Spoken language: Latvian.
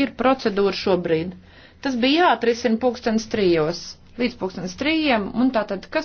ir procedūra šobrīd. Tas bija jāatrisina pulkstens trijos, līdz pulkstens trījiem, un tātad kas.